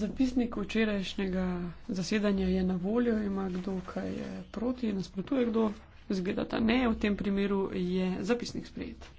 Zapisnik včerajšnjega zasedanja je na voljo, ima kdo kaj eh, proti, nasprotuje kdo, zgleda, da ne, v tem primeru je zapisnik sprejet.